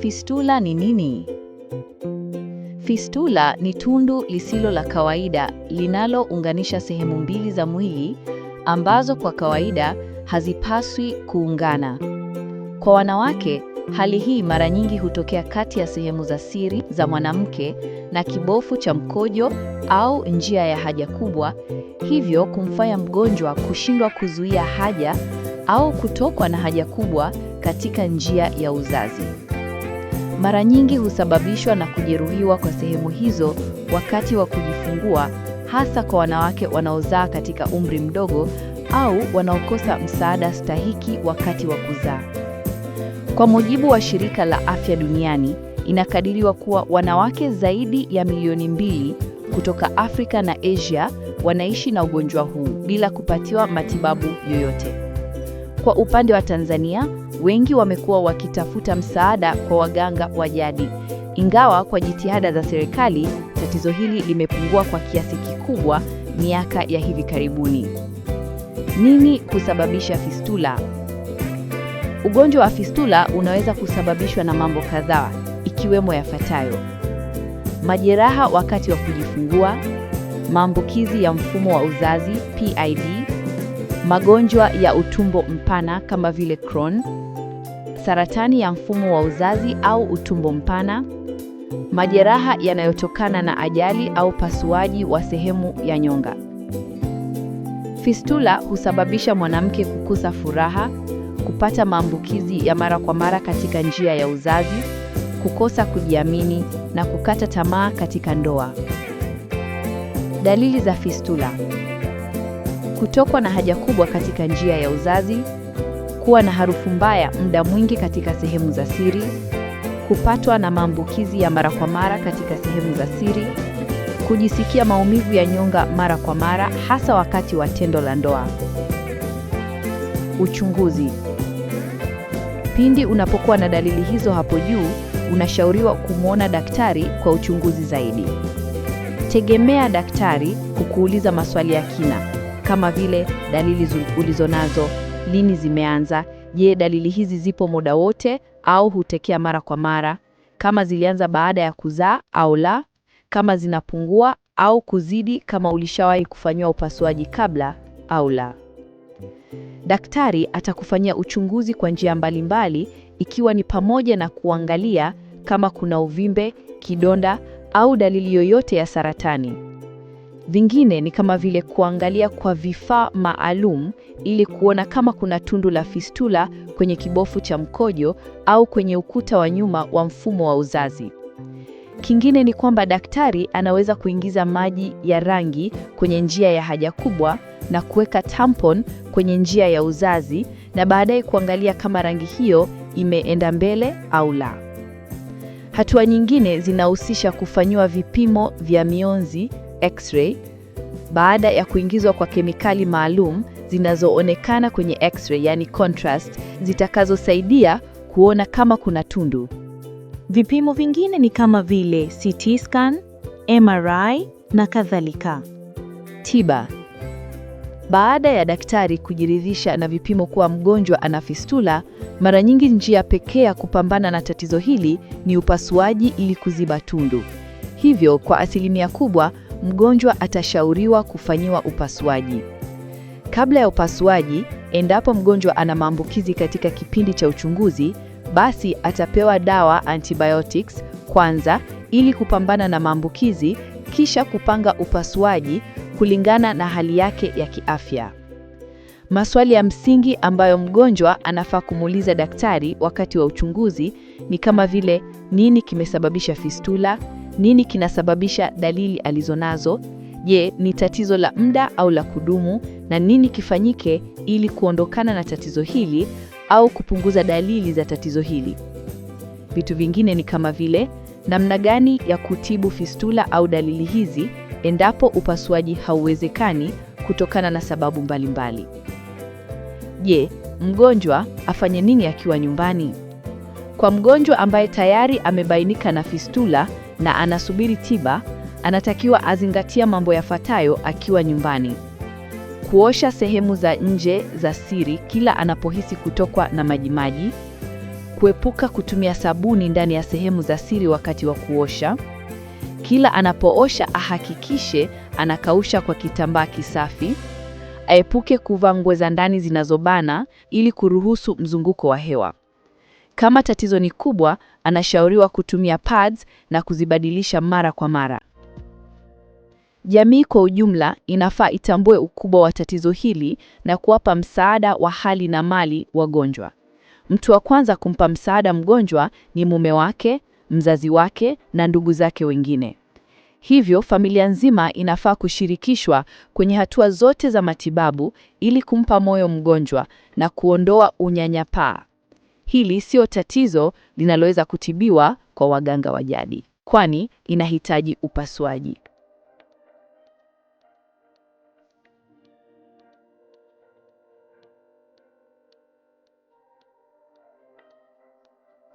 Fistula ni nini? Fistula ni tundu lisilo la kawaida linalounganisha sehemu mbili za mwili ambazo kwa kawaida hazipaswi kuungana. Kwa wanawake, Hali hii mara nyingi hutokea kati ya sehemu za siri za mwanamke na kibofu cha mkojo au njia ya haja kubwa, hivyo kumfanya mgonjwa kushindwa kuzuia haja au kutokwa na haja kubwa katika njia ya uzazi. Mara nyingi husababishwa na kujeruhiwa kwa sehemu hizo wakati wa kujifungua, hasa kwa wanawake wanaozaa katika umri mdogo au wanaokosa msaada stahiki wakati wa kuzaa. Kwa mujibu wa shirika la afya duniani, inakadiriwa kuwa wanawake zaidi ya milioni mbili kutoka Afrika na Asia wanaishi na ugonjwa huu bila kupatiwa matibabu yoyote. Kwa upande wa Tanzania, wengi wamekuwa wakitafuta msaada kwa waganga wa jadi. Ingawa kwa jitihada za serikali, tatizo hili limepungua kwa kiasi kikubwa miaka ya hivi karibuni. Nini kusababisha fistula? Ugonjwa wa fistula unaweza kusababishwa na mambo kadhaa ikiwemo yafuatayo: majeraha wakati wa kujifungua, maambukizi ya mfumo wa uzazi PID, magonjwa ya utumbo mpana kama vile Crohn, saratani ya mfumo wa uzazi au utumbo mpana, majeraha yanayotokana na ajali au pasuaji wa sehemu ya nyonga. Fistula husababisha mwanamke kukosa furaha kupata maambukizi ya mara kwa mara katika njia ya uzazi, kukosa kujiamini na kukata tamaa katika ndoa. Dalili za fistula: kutokwa na haja kubwa katika njia ya uzazi, kuwa na harufu mbaya muda mwingi katika sehemu za siri, kupatwa na maambukizi ya mara kwa mara katika sehemu za siri, kujisikia maumivu ya nyonga mara kwa mara, hasa wakati wa tendo la ndoa. Uchunguzi. Pindi unapokuwa na dalili hizo hapo juu, unashauriwa kumwona daktari kwa uchunguzi zaidi. Tegemea daktari kukuuliza maswali ya kina kama vile dalili ulizonazo, lini zimeanza, je, dalili hizi zipo muda wote au hutekea mara kwa mara, kama zilianza baada ya kuzaa au la, kama zinapungua au kuzidi, kama ulishawahi kufanyiwa upasuaji kabla au la. Daktari atakufanyia uchunguzi kwa njia mbalimbali, ikiwa ni pamoja na kuangalia kama kuna uvimbe, kidonda au dalili yoyote ya saratani. Vingine ni kama vile kuangalia kwa vifaa maalum ili kuona kama kuna tundu la fistula kwenye kibofu cha mkojo au kwenye ukuta wa nyuma wa mfumo wa uzazi. Kingine ni kwamba daktari anaweza kuingiza maji ya rangi kwenye njia ya haja kubwa na kuweka tampon kwenye njia ya uzazi na baadaye kuangalia kama rangi hiyo imeenda mbele au la. Hatua nyingine zinahusisha kufanyiwa vipimo vya mionzi x-ray baada ya kuingizwa kwa kemikali maalum zinazoonekana kwenye x-ray, yani contrast, zitakazosaidia kuona kama kuna tundu. Vipimo vingine ni kama vile CT scan, MRI na kadhalika. Tiba. Baada ya daktari kujiridhisha na vipimo kuwa mgonjwa ana fistula, mara nyingi njia pekee ya kupambana na tatizo hili ni upasuaji ili kuziba tundu. Hivyo, kwa asilimia kubwa mgonjwa atashauriwa kufanyiwa upasuaji. Kabla ya upasuaji, endapo mgonjwa ana maambukizi katika kipindi cha uchunguzi basi atapewa dawa antibiotics kwanza ili kupambana na maambukizi, kisha kupanga upasuaji kulingana na hali yake ya kiafya. Maswali ya msingi ambayo mgonjwa anafaa kumuuliza daktari wakati wa uchunguzi ni kama vile nini kimesababisha fistula? Nini kinasababisha dalili alizonazo? Je, ni tatizo la muda au la kudumu? Na nini kifanyike ili kuondokana na tatizo hili au kupunguza dalili za tatizo hili. Vitu vingine ni kama vile namna gani ya kutibu fistula au dalili hizi endapo upasuaji hauwezekani kutokana na sababu mbalimbali. Je, mgonjwa afanye nini akiwa nyumbani? Kwa mgonjwa ambaye tayari amebainika na fistula na anasubiri tiba, anatakiwa azingatia mambo yafuatayo akiwa nyumbani kuosha sehemu za nje za siri kila anapohisi kutokwa na majimaji, kuepuka kutumia sabuni ndani ya sehemu za siri wakati wa kuosha. Kila anapoosha ahakikishe anakausha kwa kitambaa kisafi. Aepuke kuvaa nguo za ndani zinazobana ili kuruhusu mzunguko wa hewa. Kama tatizo ni kubwa, anashauriwa kutumia pads na kuzibadilisha mara kwa mara. Jamii kwa ujumla inafaa itambue ukubwa wa tatizo hili na kuwapa msaada wa hali na mali wagonjwa. Mtu wa kwanza kumpa msaada mgonjwa ni mume wake, mzazi wake na ndugu zake wengine. Hivyo familia nzima inafaa kushirikishwa kwenye hatua zote za matibabu ili kumpa moyo mgonjwa na kuondoa unyanyapaa. Hili sio tatizo linaloweza kutibiwa kwa waganga wa jadi, kwani inahitaji upasuaji.